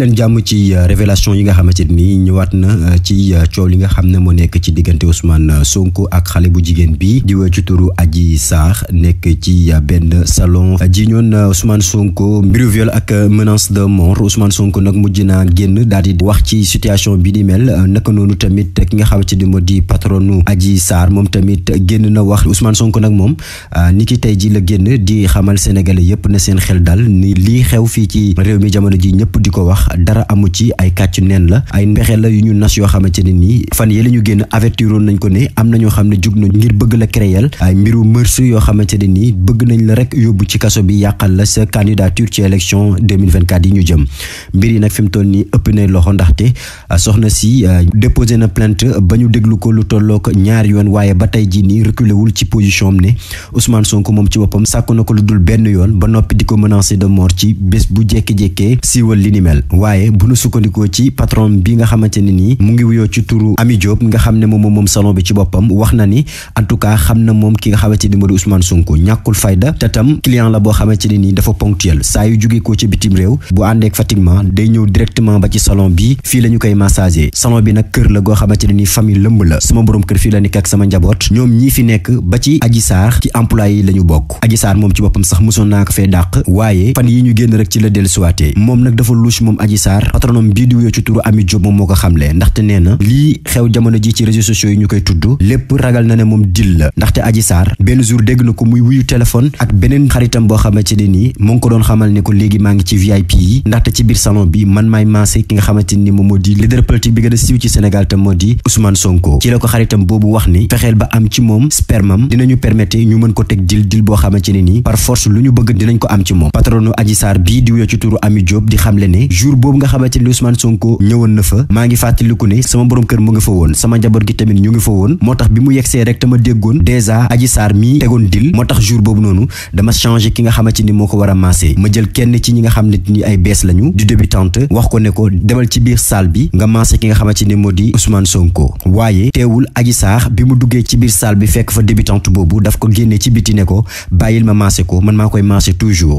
leen jàmm ci euh, révélation yi nga xamante ni ñëwaat na euh, ci euh, coow li nga xam ne moo nekk ci diggante Ousmane Sonko ak xale bu jigéen bi di wër ci turu Adji Sarr nekk ci benn salon ji ñoon Ousmane Sonko mbiru viol ak menace de mort Ousmane Sonko nag mujj na génn daal di wax ci situation bi di mel naka noonu tamit ki nga xamante ni moo di patronu Adji Sarr moom tamit génn na wax Ousmane Sonko nag moom ni ki tey ji la génn di xamal sénégalais yëpp na seen xel dal ni lii xew fii ci réew mi jamono ji ñëpp di ko wax dara amu ci ay kàcc neen la ay mbexe la yu ñu nas yoo xamante ne nii fan yee la ñu génn avertiroon nañ ko ne am na ñoo xam ne jóg na ngir bëgg la créer ay mbiru mërs yoo xamante ne nii bëgg nañ la rek yóbbu ci kaso bi yàqal la sa candidature ci élection 2024 yi ñu jëm mbir yi nag fi mu toll nii ëpp na loxo ndaxte ah, soxna si ah, déposé na plainte ba ñu déglu ko lu tolloo ko ñaari yoon waaye ba tey jii nii reculé wul ci position am ne Ousmane sonk moom ci boppam sàkku na ko lu dul benn yoon noppi di ko menacer de mort ci bés bu jékki-jékkee siiwal li waaye bu nu sukkandikoo ci patron bi nga xamante ne nii mu ngi wuyoo ci turu Ami Diop nga xam ne moom moom salon bi ci boppam wax na ni en tout cas xam na moom ki nga xamante ni moo di Ousmane Sonko ñàkkul fayda te tam client la boo xamante ne nii dafa ponctuel saa yu jóge ko ci bitim réew bu àndeek fatiguement day ñëw directement ba ci salon bi fii la ñu koy massager salon bi nag kër la goo xamante ne nii famille lëmb la sama borom kër fii la nekk ak sama njaboot ñoom ñii fi nekk ba ci Adji Sarr ci employé yi la ñu bokk Adji moom ci boppam sax mosoon naa ko fee dàq waaye ñu génn rek ci la dellusiwaatee moom nag dafa louche moom Adji Sarr patronam bii di wuyoo ci turu Ami Diop moom moo ko xamle ndaxte nee na lii xew jamono ji ci réseaux sociaux yi ñu koy tudd lépp ragal na ne moom dil la ndaxte Adji Sarr benn jour dégg na ko muy wuyu téléphone ak beneen xaritam boo xamante ne nii mu ngi ko doon xamal ne ko léegi maa ngi ci VIP yi ndaxte ci biir salon bi man maay mancé ki nga xamante ni moom moo di leader politique bi gën a siiw ci Sénégal te moo di Ousmane Sonko ci la ko xaritam boobu wax ni fexeel ba am ci moom spermam dinañu permettre ñu mën ko teg dil dil boo xamante ne nii par force lu ñu bëgg dinañ ko am ci moom patronu Adji Sarr bii di wuyoo ci turu Ami Diop di jour boobu nga xamante ni Ousmane Sonko ñëwoon na fa maa ngi fàttaliku ne sama borom kër mu ngi fa woon sama njaboot gi tamit ñu ngi fa woon moo tax bi mu yegsee rek dama déggoon dèjà Adji Sarr tegoon dil moo tax jour boobu noonu dama changé ki nga xamante ni moo ko war a maasé ma jël kenn ci ñi nga xam ne ni ay bees lañu di débutante wax ko ne ko demal ci biir salle bi nga maasé ki nga xamante ni moo di Ousmane Sonko waaye teewul Adji bi mu duggee bi fekk fa débutante boobu daf ko génnee ci biti ne ko bàyyil ma ko man maa koy maasé toujours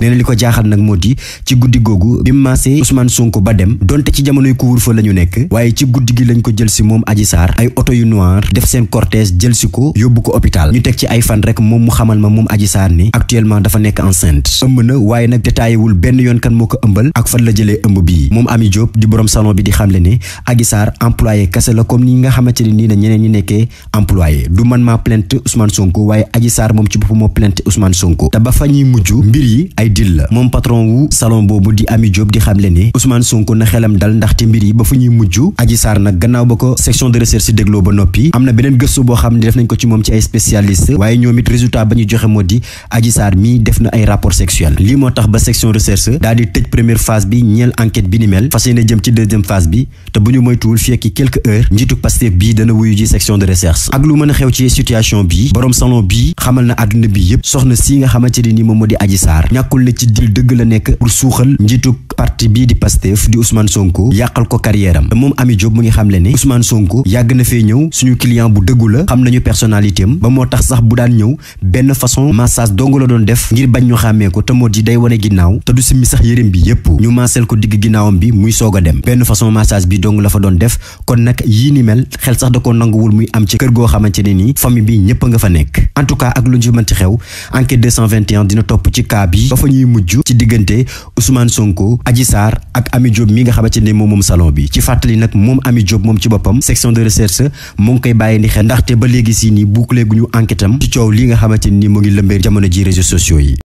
Sonko ba dem donte ci jamonoy couvre-feu la ñu nekk waaye ci guddi gi lañ ko jël moom Adji Sarr ay oto yu noir def seen cortège jël ko yóbbu ko hôpital ñu teg ci ay fan rek moom mu xamal ma moom Adji Sarr ni actuellement dafa nekk enceinte ëmb na waaye nag détaillé benn yoon kan moo ko ëmbal ak fan la jëlee ëmb bii moom Ami Diop di borom salon bi di xamle ne Adji Sarr employé kase la comme ni nga xamante ne nii la ñeneen ñi nekkee employé du man maa plainte Ousmane Sonko waaye Adji Ousmane Sonko bi te bu ñu moytuwul fii ak quelques njiitu Pastef bii dana wuyu ji section de recherche ak lu mën a xew ci situation bi borom salon bi xamal na àdduna bi yëpp soxna si nga xamante ni moom moo di Adji ñàkkul na ci dil dëgg la nekk pour suuxal njiitu parti bii di Pastef Pastef di Ousmane Sonko yàqal ko carrière am moom Ami Diop mu ngi xamle ni Ousmane Sonko yàgg na fee ñëw suñu client bu dëggu la xam nañu personnalité am ba moo tax sax bu daan ñëw benn façon massage dong la doon def ngir bañ ñu xàmmee ko te moo di day wane ginnaaw te du simmi sax yërëm bi yépp ñu maasel ko digg ginnaawam bi muy soog a dem benn façon massage bi dong la fa doon def kon nag yii ni mel xel sax da ko nanguwul muy am ci kër goo xamante ne nii famille bi ñëpp nga fa nekk en tout cas lu ñu mënti xew enquête dina topp ci cas bi ba fa ñuy mujj ci diggante Ousmane Sonko Adji Sarr ak Ami Diop mi nga xamante ne moom moom salon bi ci fàttali nag moom Ami Diop moom ci boppam section de recherche mu ngi koy bàyyi ni xel ndaxte ba léegi si ni bouclé gu ñu enquête ci coow li nga xamante ni mu ngi lëmbee jamono ji réseaux sociaux yi